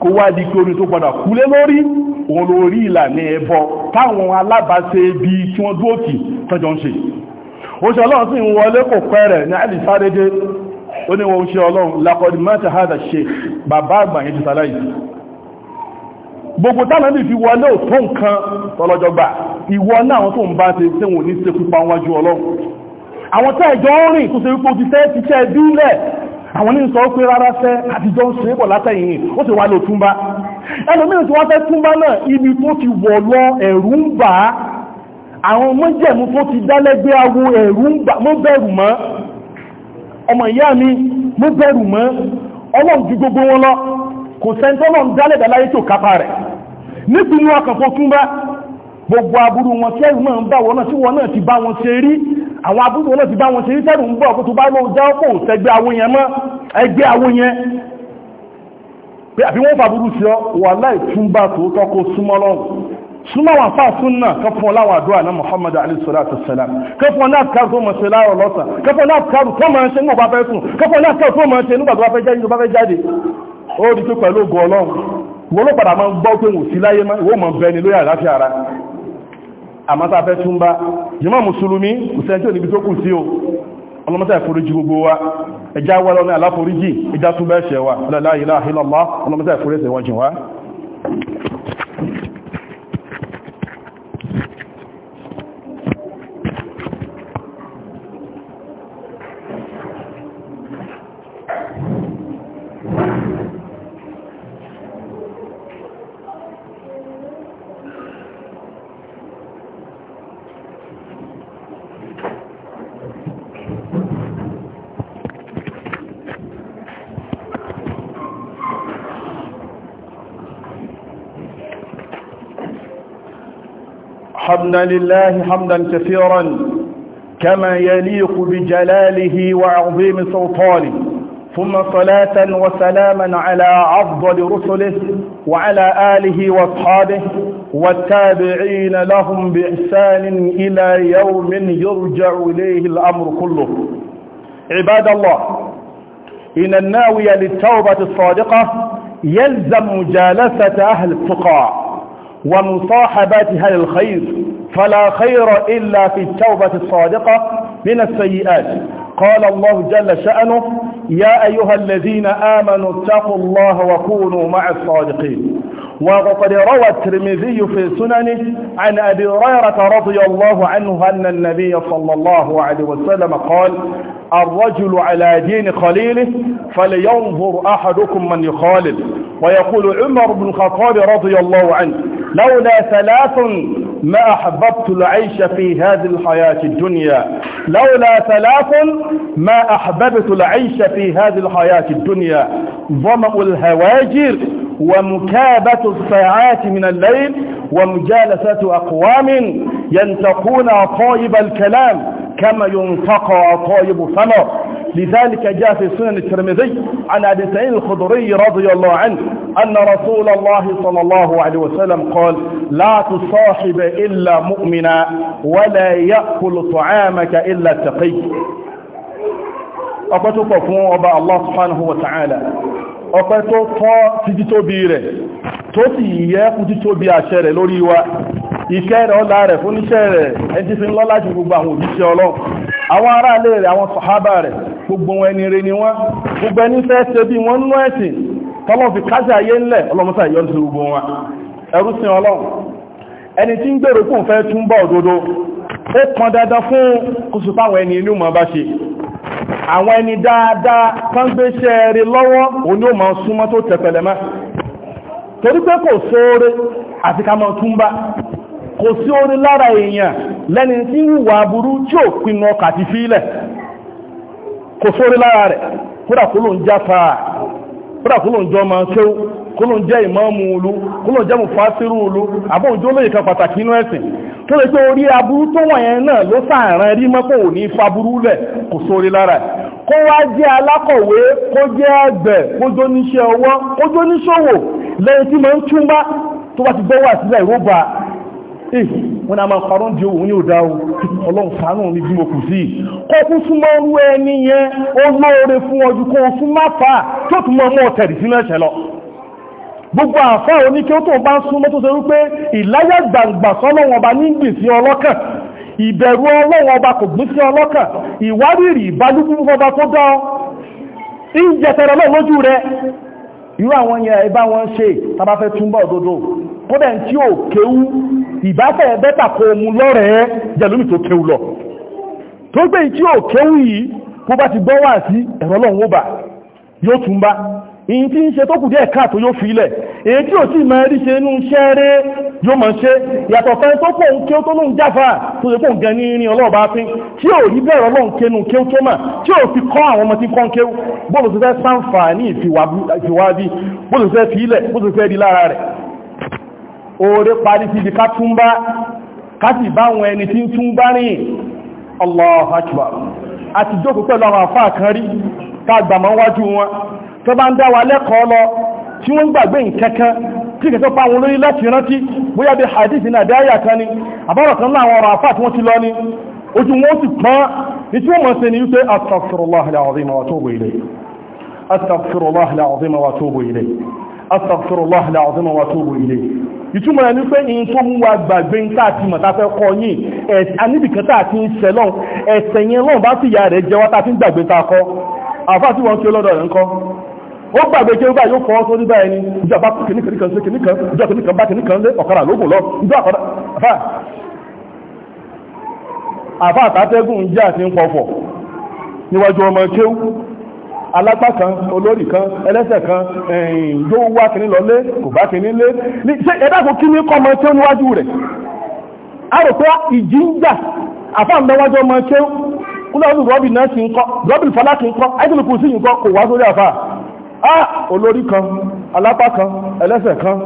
Speaker 1: kó wá di pé orin tó padà kúlé lórí òun ló rí ìlànà ẹbọ táwọn alábàáṣe ibi tí wọ́n dúró tì tọ́jọ ń ṣe oṣù ọlọ́run sì ń wọlé kò pẹ́ rẹ̀ ní àìlì sáré dé ó ní wọn oṣù ọlọ́run lakọ̀dì mẹ́ta hádà ṣe bàbá àgbà yẹn ti sàlàyé gbogbo táwọn ibi àwọn ní sọ pé rárá fẹ́ àtijọ́ ń ṣe pọ̀ látẹ̀yìn ó sì wá lò túnbá ẹlòmíràn tí wọ́n fẹ́ túnbá náà ibi tó ti wọ̀ lọ ẹ̀rù ń bà á àwọn mọ́jẹ̀mú tó ti dálẹ́gbé awo ẹ̀rù ń bà mọ́ bẹ̀rù mọ́ ọmọ ìyá mi mọ́ bẹ̀rù mọ́ ọlọ́run ju gbogbo wọn lọ kò sẹ́ńtọ́lọ́n àwọn abúrò náà ti bá wọn ṣe rí tẹ́rù ń bọ̀ kó tó bá lóò já ọkọ̀ òtẹ́gbẹ́ àwọn yẹn mọ́ ẹgbẹ́ àwọn yẹn pé àbí wọ́n fàbúrú sí ọ wà láì tún bá tòótọ́ súnmọ́ lọ́rùn Muhammad alayhi salatu salam kẹfún ọlá àkàrù tó mọ̀ ṣe láàrọ̀ lọ́sàn kẹfún ọlá àkàrù tó mọ̀ ṣe nígbà fẹ́ sùn kẹfún ọlá àkàrù tó mọ̀ ṣe nígbà tó bá fẹ́ jáde ó rí tó pẹ̀lú ògo Ọlọ́run wọ́n ló àmọ́ta fẹ́ tún bá jàmá mùsùlùmí kò sẹ́ntí ò níbi tó kù sí o ọlọ́mọ́ta ìforíjì gbogbo wa ẹjá wà lọ́nà aláforíjì ẹjá tún bẹ́ẹ̀ ṣẹ̀ wa ìforíjì wájìn wa الحمد لله حمدا كثيرا كما يليق بجلاله وعظيم سلطانه ثم صلاة وسلاما على أفضل رسله وعلى آله وأصحابه والتابعين لهم بإحسان إلى يوم يرجع إليه الأمر كله عباد الله إن الناوي للتوبة الصادقة يلزم مجالسة أهل التقى ومصاحبة أهل الخير فلا خير إلا في التوبة الصادقة من السيئات قال الله جل شأنه يا أيها الذين آمنوا اتقوا الله وكونوا مع الصادقين وقد روى الترمذي في سننه عن أبي هريرة رضي الله عنه أن النبي صلى الله عليه وسلم قال الرجل على دين خليله فلينظر أحدكم من يخالل ويقول عمر بن الخطاب رضي الله عنه لولا ثلاث ما أحببت العيش في هذه الحياة الدنيا لولا ثلاث ما أحببت العيش في هذه الحياة الدنيا ظمأ الهواجر ومكابة الساعات من الليل ومجالسة أقوام ينتقون طيب الكلام كما ينتقى طيب ثمر لذلك جاء في سنن الترمذي عن أبي سعيد الخضري رضي الله عنه أن رسول الله صلى الله عليه وسلم قال لا تصاحب إلا مؤمنا ولا يأكل طعامك إلا تقي أبتك فون أبا الله سبحانه وتعالى أبتك تجتو بيره tó sì yẹ kú tító bí àṣẹ rẹ̀ lórí wa ìkẹ́ rẹ̀ ọlá rẹ̀ fún iṣẹ́ rẹ̀ ẹjí fi ń lọ láti gbogbo àwọn òjíṣẹ́ ọlọ́run àwọn ará ilé rẹ̀ àwọn sàhábà rẹ̀ gbogbo ẹni rẹ̀ ni wọ́n gbogbo ẹni fẹ́ ṣe bí wọ́n nú ẹ̀sìn tọ́lọ́n fi káṣẹ ayé ńlẹ̀ ọlọ́mọsá yọ́n ti gbogbo wọn ẹrú sin ọlọ́run ẹni tí ń gbèrò kún fẹ́ tún bọ̀ òdodo ó kan dandan fún kùsù táwọn ẹni inú ma bá ṣe àwọn ẹni dáadáa kan gbé ṣẹ́ rí lọ́wọ́ òní ó máa súnmọ́ tó tẹ̀pẹ̀lẹ̀ mọ́ torí pé kò sóore àti ká máa tún kò sí orí lára èèyàn lẹ́ni tí ń wà burú tí ò pinnu ọkà àti fílẹ̀ kò sóore lára rẹ̀ kódà kó ló ń jáfàá kódà kó lóun jọ máa kéwú kó lóun jẹ́ ìmáàmù olú kó lóun jẹ́ mú fásírù olú àbóhùn jó lóye kan pàtàkì inú ẹ̀sìn tó lè pé orí aburú tó wọ̀nyẹn náà ló sàárán rí mọ́pọ̀ ò ní faburú lẹ̀ kò sórí lára kó wá jẹ́ alákọ̀wé kó jẹ́ àgbẹ̀ kó jó níṣẹ́ ọwọ́ kó jó níṣòwò lẹ́yìn tí mo ń túmbá tó bá ti gbọ́wà sílẹ̀ ìróba eh wọn náà máa parọ́ di òun yóò dá o ọlọ́run ṣàánú ní bí mo kù sí kó fún súnmọ́ orú ẹni yẹn ó lóore fún ọdún kó fún má fà á tó tún mọ́ ọmọ ọ̀tẹ̀rì sínú ẹ̀ṣẹ̀ lọ gbogbo àfá oníkí ó tó bá ń súnmọ́ tó ṣe wípé ìláyà gbàǹgbà sọ́lọ́wọ́n ọba ní gbìn sí ọlọ́kàn ìbẹ̀rù ọlọ́wọ́n ọba kò gbìn sí ọlọ́kàn ìwárìrì ìbálúgbú ọba tó dá ọ ìjẹtẹrẹ lọ lójú rẹ irú àwọn yẹn ẹbá wọn ṣe tàbá fẹ́ ìbáfẹ́ bẹ́ta kó mú lọ́rẹ̀ẹ́ jẹlómi tó kéwù lọ tó gbé tí ó kéwù yìí kó bá ti gbọ́ wà sí ẹ̀rọ lọ́wọ́ bà yóò tún bá èyí tí ń ṣe tó kù díẹ̀ káàtó yóò fi ilẹ̀ èyí tí ò tí máa rí ṣe inú iṣẹ́ rẹ̀ yóò máa ṣe yàtọ̀ fẹ́ tó pọ̀ ń kí ó tó lóun jáfà tó lè pọ̀ ń gan ní irin ọlọ́ọ̀bá fín tí ò rí bẹ̀rẹ̀ ọlọ́run kénu kí ó tó mà tí ò fi kọ́ àwọn ọmọ tí kọ́ ń kéwú bóòlù fẹ́ sáǹfà ní ìfìwà bóòlù fẹ́ fi bóòlù fẹ́ di lára rẹ̀ oore parí síbi ká túnbá káti báwọn ẹni tí ń túnbá rìn Allahu Akbar àti jókòó pẹ̀lú àwọn àfáà kan rí tàgbàmọ́ wájú wọn tó bá ń dá wa lẹ́kọ̀ọ́ lọ tí wọ́n gbàgbé nǹkankan tí kẹsọ́ pa àwọn olórí láti rántí bóyá bí hadith náà dáyà kan ni àbọ̀rọ̀ kan láwọn ọ̀rọ̀ àfáà tí wọ́n ti lọ ni ìtumọ̀ rẹ̀ ní pé ní tó mú wa gbàgbé táàtì mọ̀ tafẹ́ kọ yìí aníbìkan táàtì ń ṣẹ lọ́n ẹ̀ṣẹ̀ yẹn lọ́n bá sì ya rẹ̀ jẹ́ wá tàbí gbàgbé ta kọ́ àfáà tí wọ́n kí olọ́dọ̀ rẹ̀ ń kọ́ ó gbàgbé kí orúkọ yóò fọwọ́ sórí báyìí ní ìjọba kìnnìkan kan sí kìnnìkan ìjọ kìnnìkan bá kìnnìkan lé ọ̀kadà lóògùn lọ ìjọ àkọ́dà àfáà àfáà tàtẹ́gùn jẹ́ alágbá kan olori kan ẹlẹ́sẹ̀ kan yóò wá kìíní lọlé kò bá kìíní lé ṣé ẹ̀dá kò kí ní kọ́mọ tí ó níwájú rẹ̀ a rò pé ìjì ń jà àfáàmúdáwájú ọmọ tí ó kúlọ́ọ̀dù rọ́bì náà ti ń kọ́ rọ́bì fọlá ti ń kọ́ àìsàn sí yìí kò wá sórí àfáà ah olórí kan alápá kan ẹlẹ́sẹ̀ kan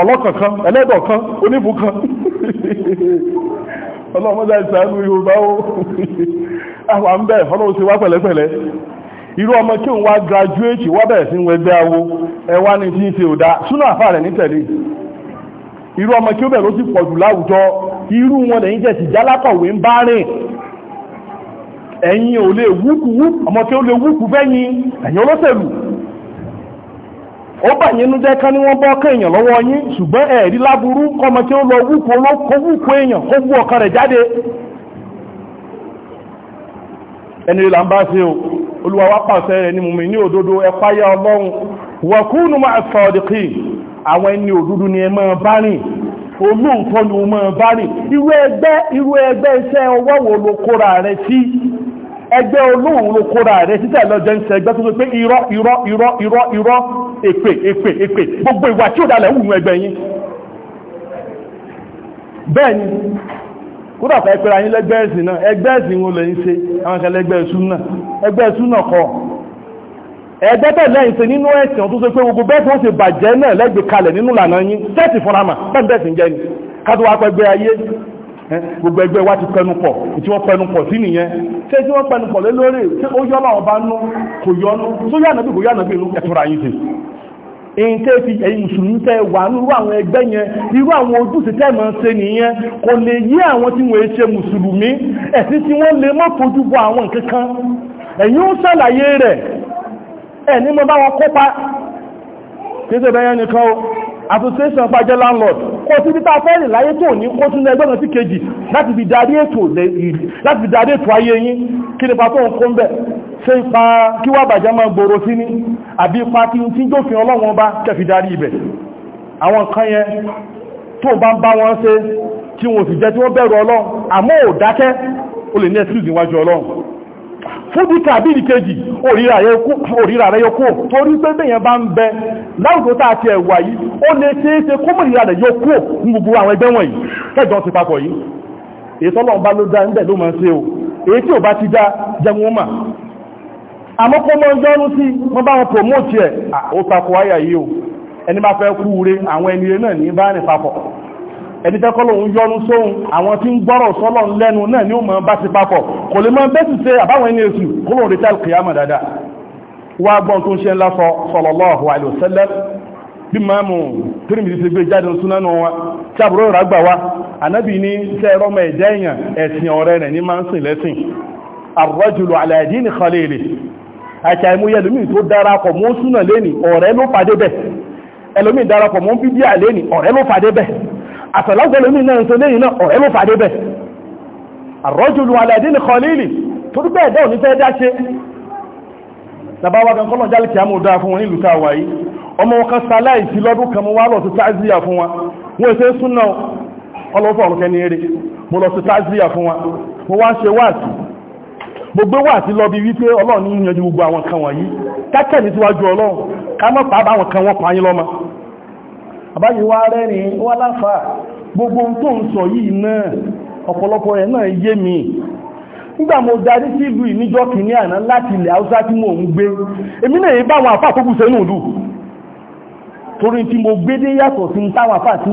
Speaker 1: ọlọ́kàn kan ẹlẹ́dọ̀ kan oníbù kan ọlọ́mọdé ìsàánú yorùbá ó àwọn àmbẹ̀ ọlọ́run ti wá irú ọmọ tí òun wá graduate wá bẹ̀rẹ̀ sí wẹgbẹ́ awo ẹ ní tí ń ṣe òdá súnà àfà rẹ̀ ní tẹ̀lé irú ọmọ tí ó bẹ̀rẹ̀ sì pọ̀jù láwùjọ irú wọn lẹ́yìn jẹ́ sì jálákọ̀wé ń bá rìn ẹ̀yin ò lè wúkú ọmọ tí ó lè wúkú fẹ́yìn ẹ̀yin olóṣèlú ó bà yínú jẹ́ ká ní wọ́n bọ́ èèyàn lọ́wọ́ yín ṣùgbọ́n ẹ̀rí kọmọ tí ó lọ wúkú o olúwa wa pàṣẹ rẹ̀ ní mùmí ní òdodo ẹ̀páyà ọlọ́run wọ̀kúnnù máa sọ̀dìkì àwọn ẹni òdodo ni ẹ máa bá rìn olóòótọ́ ni o máa bá rìn irú ẹgbẹ́ irú ẹgbẹ́ iṣẹ́ ọwọ́ wo ló kóra rẹ̀ sí ẹgbẹ́ olóòrùn ló kóra rẹ̀ sí tẹ̀lọ jẹ́ ń ṣe ẹgbẹ́ tó tó pé irọ́ kódà fẹ́ pẹ́ra yín lẹ́gbẹ́ ẹ̀sìn náà ẹgbẹ́ ẹ̀sìn wọn lè ń ṣe àwọn kan lẹ́gbẹ́ ẹ̀sùn náà ẹgbẹ́ ẹ̀sùn náà kọ́ ẹgbẹ́ bẹ́ẹ̀ lẹ́yìn ṣe nínú ẹ̀sìn tó ṣe pé gbogbo bẹ́ẹ̀ tó ṣe bàjẹ́ náà lẹ́gbẹ̀ẹ́ kalẹ̀ nínú ìlànà yín sẹ́ẹ̀tì fúnra mà bẹ́ẹ̀ bẹ́ẹ̀ sì ń jẹ́ ni ká tó wá pẹ́ gbé ayé gbogbo ẹgbẹ́ wa ti èyí tẹ́ fi ẹ̀yìn mùsùlùmí tẹ́ wà nírú àwọn ẹgbẹ́ yẹn irú àwọn ojúṣe tẹ́ máa ń ṣe nìyẹn kò lè yí àwọn tí wọ́n ṣe mùsùlùmí ẹ̀sìn tí wọ́n lè mọ́ fojú bọ àwọn nǹkan kan ó ṣàlàyé rẹ̀ ẹ̀ ní mo bá wọn kópa kí ṣe bẹ́yẹn nìkan o association pàjẹ́ landlord kò sí títà fẹ́rì láyé tó ní kó tún ẹgbẹ́ sí kejì láti fi darí ètò ayé yín kí nípa tó ń kó ń bẹ̀ ṣe ipa kí wà bàjẹ́ máa gbòòrò sí ní àbí ipa kí n tí jófin ọlọ́wọ́n bá kẹfì darí ibẹ̀ àwọn kan yẹn tó fúdí tàbí ìkejì òríra rẹ̀ yóò kú torí pé bẹ́yẹn bá ń bẹ láwùjọ tàà ti ẹ̀wà yìí ó lè ṣe é ṣe kó mú ìrírà rẹ̀ yóò kú ní gbogbo àwọn ẹgbẹ́ wọ̀nyí kẹjọ ti papọ̀ yìí ètọ́lọ́n ń bẹ̀ ló ti dá jẹun mà àmọ́ kó mọ́ promote ẹ̀ ó takò ayà yìí o ẹni bá fẹ́ kú re àwọn ẹni náà ní bá ẹni tẹ́kọ́lọ́hún yọnu sóhun àwọn tí ń gbọ́rọ̀ sọ́lọ̀ lẹ́nu náà ni ó mọ̀ bá ti papọ̀ kò lè mọ́ bẹ́sì ṣe àbáwọn ẹni èsù kó lóun retí alkiyama dáadáa wá gbọ́n tó ń ṣe ńlá sọ sallallahu alaihi wasallam bí máàmù tírímìtì ti gbé jáde súnánú wọn tí àbúrò rà gbà wá ànábì ní iṣẹ́ ẹ̀rọ ọmọ ẹ̀dá èèyàn ẹ̀sìn ọ̀rẹ́ rẹ̀ ní máa ń sìn ọ̀rẹ́ ló fàdé bẹ̀ àtọ̀lọ́gbẹ̀ lómi náà tó léyìn náà ọ̀rẹ́ ló fàdé bẹ̀ àrọ́jùlù alẹ́dín kọlílì tó rí bẹ́ẹ̀ dẹ́ òní fẹ́ dáṣe labawa gankan lọ́jálì kí a mú dáa fún wọn nílùú tàwà yìí ọmọ wọn kan sáláì sí lọ́dún kan mú wá lọ sí táàzíyà fún wa wọ́n èsẹ́ súnà ọlọ́fọ́ ọ̀rùn kẹni eré mo lọ sí táàzíyà fún wa mo wá ń ṣe wáàsí mo gbé wáàsí lọ bí wípé ọlọ́run ní yanjú gbogbo àwọn kan wọ̀nyí kákẹ́ ní síwájú ọlọ́run àbáyé wá rẹ́rin wá láfà gbogbo tó ń sọ yìí náà ọ̀pọ̀lọpọ̀ ẹ̀ náà yé mi nígbà mo darí sí ìlú ìníjọ́ ní àná láti ilẹ̀ haúsá tí mo ń gbé èmi náà yìí báwọn àfà tó mo gbé dé yàtọ̀ sí táwọn àfà tí ń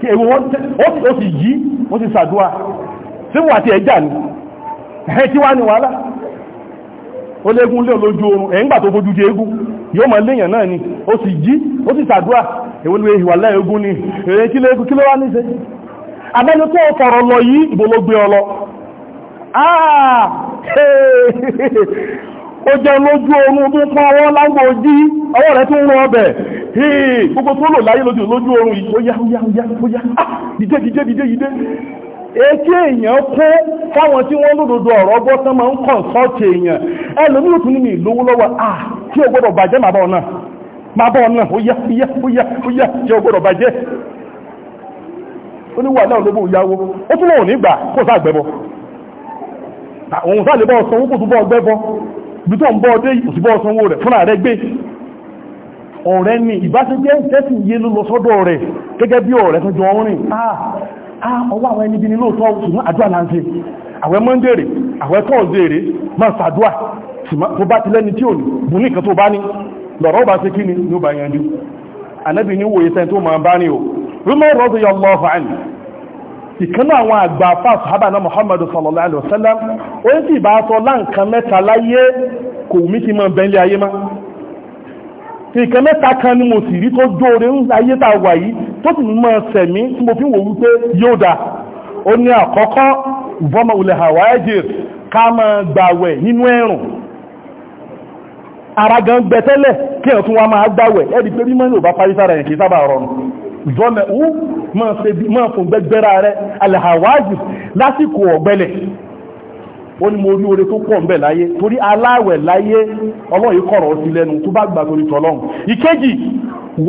Speaker 1: tí èwo ó sì yí ó sì sàdúwà tí wà tí ẹjà ní ẹ̀ tí wá ní wàhálà ó légún lé olójú oorun ẹ̀yìngbà tó fojú jẹ egún yóò mọ̀ léèyàn náà ni ó sì yí ó sì sàdúwà ìwà ni ó jẹ́ lójú oorun tó pán ọwọ́ lágbò ojí ọwọ́ rẹ̀ tó ń rán ọbẹ̀ hìí gbogbo tó lò láyé lójú lójú oorun oya oya yá yá yá yá ah, dìde dìde dìde dìde èèyàn kó fáwọn tí wọ́n lòdòdó ọ̀rọ̀ ọgbọ́ tán ń èèyàn ẹlòmí òtún ní ìlówó lọ́wọ́ ah, tí ó gbọ́dọ̀ bàjẹ́ náà náà ó yá yá yá yá tí ó gbọ́dọ̀ bàjẹ́ náà yáwó ó túnmọ̀ ò ní gbà kó gbẹ́bọ ibi tó ń bọ́ ọdé òsìbọ́ ọ̀sanwó rẹ̀ fúnra rẹ̀ gbé ọ̀rẹ́ ni ìbáṣẹ́jẹ́ ìtẹ́sì yé ló lọ sọ́dọ̀ rẹ̀ gẹ́gẹ́ bí ọ̀rẹ́ tó jọ wọ́n rìn ah, ah, ọwọ́ àwọn ẹni bí ní lóòtọ́ ṣùgbọ́n àdúrà náà ń ṣe àwẹ́ mọ́ndèrè àwẹ́ tọ́ọ̀dèrè máa ṣàdúà tó bá ti lẹ́ni tí ò ní bù ní ìkan tó bá ní lọ́rọ̀ bá ṣe o rúmọ́ rọ́dù yọ ìkánná àwọn àgbà fáàsù hábàná muhammadu sallallahu alaihi wasallam ó ń sì bá sọ láǹkan mẹ́ta láyé kò mí ti mọ bẹ́ńlẹ̀ ayé má nǹkan mẹ́ta kan ni mo sì rí tó jóore ń ayé tá a wà yìí tó sì mọ sẹ̀mí tí mo fi wò wípé yóò dà ó ní àkọ́kọ́ ìbọ́mọ̀ ulẹ̀ hawajir ká máa gbàwẹ̀ nínú ẹ̀rùn ara gan gbẹtẹ́lẹ̀ kí ẹ̀ tún wá máa gbàwẹ̀ ẹ̀rí pé bí mọ́ ní ò bá parí sára ẹ̀ kì í sábà rọrùn zọ́nà ó máa fún gbẹ́gbẹ́ra rẹ̀ alhawaji lásìkò ọ̀gbẹ́lẹ̀ ó ní mo rí oore tó pọ̀ ńbẹ̀ láyé torí aláwẹ̀ láyé ọlọ́yìí kọ̀rọ̀ sí lẹ́nu tó bá gbà torí tọ́lọ́run ìkéjì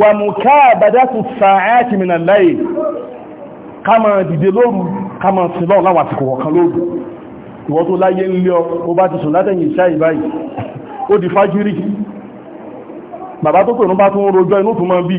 Speaker 1: wà mú káàbàdá tó sàáàtì mìíràn láyé ká máa dìde lóru ká máa sí lọ́run láwàtìkò wọ̀kan lóru ìwọ tó láyé ń lé ọ ó bá ti sùn látẹ̀yìn ìṣá ìbáyìí ó di fájírì bàbá tó pè ní bá tún rojọ́ inú tún mọ́ bí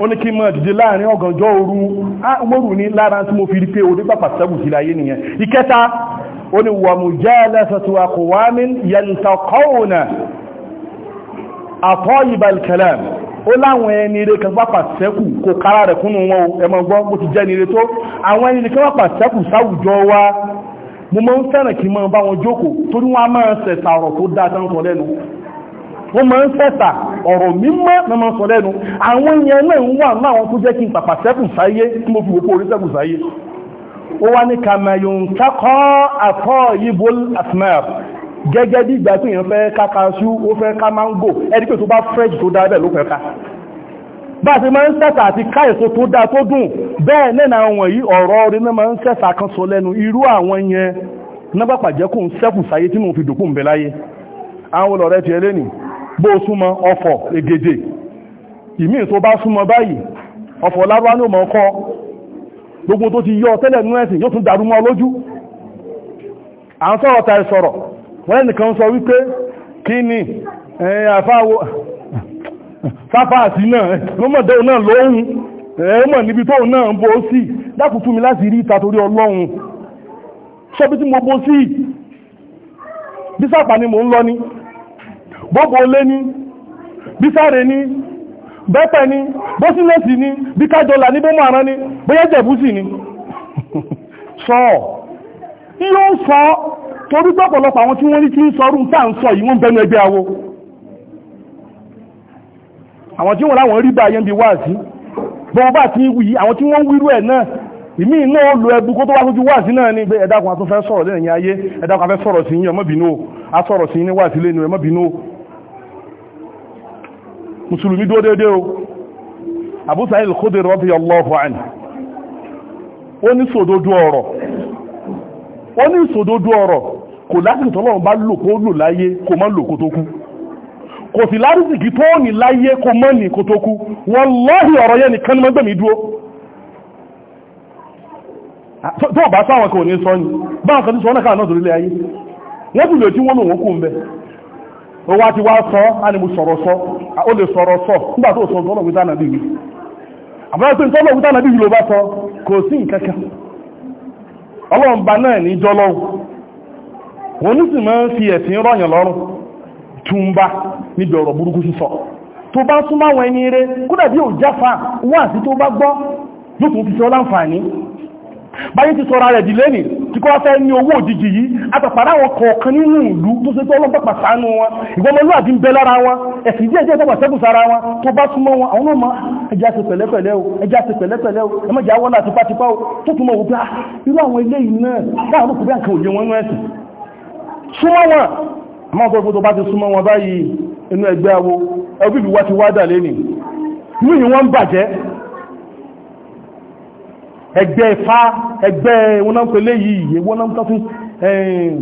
Speaker 1: ó ní kí n máa dìde láàrin ọ̀gànjọ́ òru mọ́rù ní lára tí mo fi rí pé orí pàpà sẹ́gùn sí láyé nìyẹn ìkẹta ó ní wà mú jẹ́ lẹ́sọ̀tù àkọwàmí yẹntàkọ́ọ̀nà àtọ́ ìbàlkẹ̀lẹ̀ ó láwọn ẹni rẹ̀ kan pàpà sẹ́kù kò kára rẹ̀ kúnnú ni rẹ̀ tó àwọn ẹni rẹ̀ kan pàpà sẹ́kù sáwùjọ wa mo máa ń fẹ́ràn kí n bá wọn jókòó torí wọn a máa sẹ̀sà ọ̀rọ̀ tó dáa tán kọ lẹ́nu wọ́n máa ń sẹ́ta ọ̀rọ̀ mímọ́ na máa sọ lẹ́nu àwọn èèyàn náà ń wà náà wọn tó jẹ́ kí n pàpà sẹ́kùn sáyé tí mo fi wòpó orí sẹ́kùn sáyé ó wá ní kàmẹ̀yùn kákọ́ àtọ́ ìbò asmẹ́r gẹ́gẹ́ bí ìgbà tí èèyàn fresh tó dáa bẹ́ẹ̀ ló fẹ́ ká bá ti máa ń sẹ́ta àti ká èso tó dáa tó dùn bẹ́ẹ̀ náà àwọn yìí ọ̀rọ̀ orí náà máa ń sẹ́ta kan sọ sẹ́kùn sáyé tí mo fi dùkùn bẹ̀ láyé àwọn olọ̀rẹ́ ti ẹlẹ́nìí bó súnmọ́ ọfọ̀ egede ìmí tó bá súnmọ́ báyìí ọfọ̀ lábá ní ọmọ ọkọ́ gbogbo tó ti yọ tẹ́lẹ̀ nú ẹ̀sìn yóò tún dàrú mọ́ lójú à ń sọ̀rọ̀ ta ìsọ̀rọ̀ wọ́n nìkan sọ wípé kí ni àfáwọ́ sáfáàsì náà lọ́mọ̀dé náà lóhun ẹ̀ẹ́mọ̀ níbi tóun náà ń bó sí dákùtù mi láti rí ìta torí ọlọ́run sọ́bí tí mo bó sí bí sápà ni mò ń lọ ni bóbó lé ní bí sáré ní bẹ́pẹ̀ ní bó sílẹ̀sì ní bí kájọlà ní bómọ̀ àrán ní bóyá jẹ̀búsì ní sọ yíó sọ torí gbọ́pọ̀lọpọ̀ àwọn tí wọ́n ní tí ń sọrú ń tàà ń sọ yìí wọ́n bẹnu ẹgbẹ́ awo àwọn tí wọ́n láwọn rí bá yẹn bí wáàsí bọ́n bá ti wí àwọn tí wọ́n wírú ẹ̀ náà ìmí iná ó ẹbú kó tó wá lójú wáàsí náà ní ẹ̀dàkùn àtúnfẹ́ sọ̀rọ̀ lẹ́yìn ayé ẹ̀dàkùn afẹ́ sọ̀rọ̀ sí yín ẹ a sọ̀rọ̀ sí ní wáàsí lẹ́nu musulumi dúó dédé o Abu Sa'id al-Khudri radiyallahu anhu ó ní sòdódó ọ̀rọ̀ ó ní sòdódó ọ̀rọ̀ kò láti tọ́lọ́run bá lòkó lò láyé kò mọ́ lòkó tó kú kò sí lárìsìkì tó ní láyé kò mọ́ ní kò tó kú wallahi ọ̀rọ̀ yẹn nìkan mọ́ gbẹ̀mí dúó tó bá sáwọn kò ní sọ ní báwọn ó wá ti wá sọ á ní mo sọ̀rọ̀ sọ ó lè sọ̀rọ̀ sọ nígbà tó sọ tọ́lọ̀ wíta nàbí ló bá sọ kò sí nǹkankan ọlọ́run náà ní jọlọ́run wọn ní sì fi ẹ̀sìn rọ̀yàn lọ́rùn túnbá níbi ọ̀rọ̀ burúkú sísọ tó bá súnmọ́ bí ò tó bá gbọ́ yóò tún fi tí kò fẹ́ ní owó òjijì yìí àtàpàdà àwọn kọ̀ọ̀kan nínú ìlú tó ṣe tó ọlọ́pàá pàṣánú wọn ìgbọmọlúwàbí ń bẹ lára wọn ẹ̀sìn díẹ̀ díẹ̀ tọ́pọ̀ sẹ́kù sára wọn tó bá súnmọ́ wọn àwọn ọmọ ẹja ṣe pẹ̀lẹ́pẹ̀lẹ́ o ẹja ṣe pẹ̀lẹ́pẹ̀lẹ́ o ẹmọ ìjà wọn láti pátípá o tó túnmọ̀ wò pé ah, irú àwọn ilé yìí náà láàrín òkú bí àkàn ẹgbẹ́ ifá ẹgbẹ́ ìwọnáńpẹ̀lẹ́ yìí ìwọnáńpẹ̀lẹ́ fún ẹ̀yìn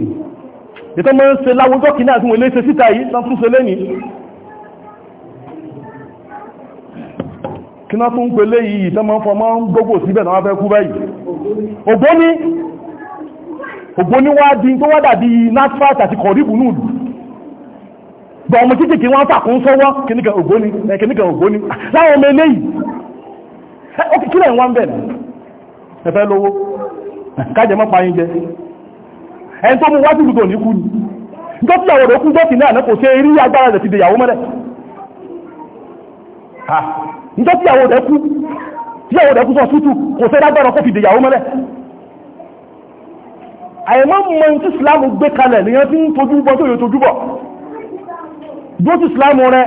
Speaker 1: ìtọ́ mọ́ ń ṣe láwọ́jọ́ kìí àti wọ́n lè ṣe síta yìí tán tún ṣe lẹ́ni kí náà tún pèlé yìí tán mọ́ fọ́ mọ́ ń gbogbo síbẹ̀ náà fẹ́ kú báyìí ògbóní ògbóní wá di tó wá dàbí nasfat títì kí wọ́n fàkún sọ́wọ́ kìníkà ògbóní láwọn ọmọ eléyìí ẹ̀fẹ́ lówó kájẹ mọ́ pàáyín jẹ ẹni tó mú wá sí ìlúdò níkú ni dọ́tí àwọn òkú dọ́tí náà kò ṣe rí agbára rẹ̀ ti dè yàwó mẹ́rẹ̀ dọ́tí àwọn òdẹ́kú tí àwọn òdẹ́kú sọ sútù kò ṣe lágbára kó fi dè yàwó mẹ́rẹ̀ àìmọ́ mọ́ tí Islam gbé kalẹ̀ nìyẹn tí ń tojú bọ́ tó yóò tojú bọ̀
Speaker 2: dọ́tí Islam rẹ̀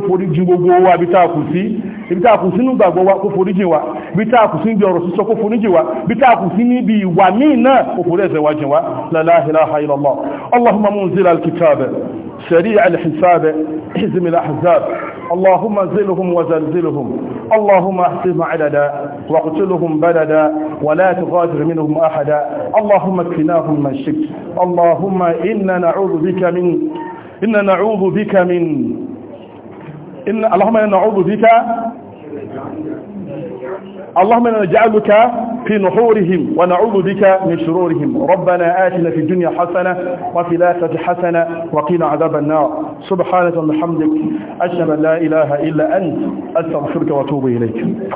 Speaker 1: kó forí jìn gbogbo wa ibi tá a kù sí ibi tá a kù sí nínú gbàgbọ́ wa kó forí jìn wa ibi tá a kù sí níbi ọ̀rọ̀ sísọ kó forí jìn wa ibi tá a kù sí níbi ìwà míì náà kó forí ẹ̀ṣẹ̀ wa jìn wa la ilaha illallah allahumma munzil al-kitab سريع الحساب احزم الأحزاب اللهم انزلهم وزلزلهم اللهم احسم عددا واقتلهم بلدا ولا تغادر منهم أحدا اللهم اكفناهم من شك اللهم إنا نعوذ بك من إنا نعوذ بك من إن اللهم إنا نعوذ بك اللهم إنا نجعلك في نحورهم ونعوذ بك من شرورهم ربنا آتنا في الدنيا حسنة وفي الآخرة حسنة وقنا عذاب النار سبحانك وبحمدك أشهد أن لا إله إلا أنت أستغفرك وأتوب إليك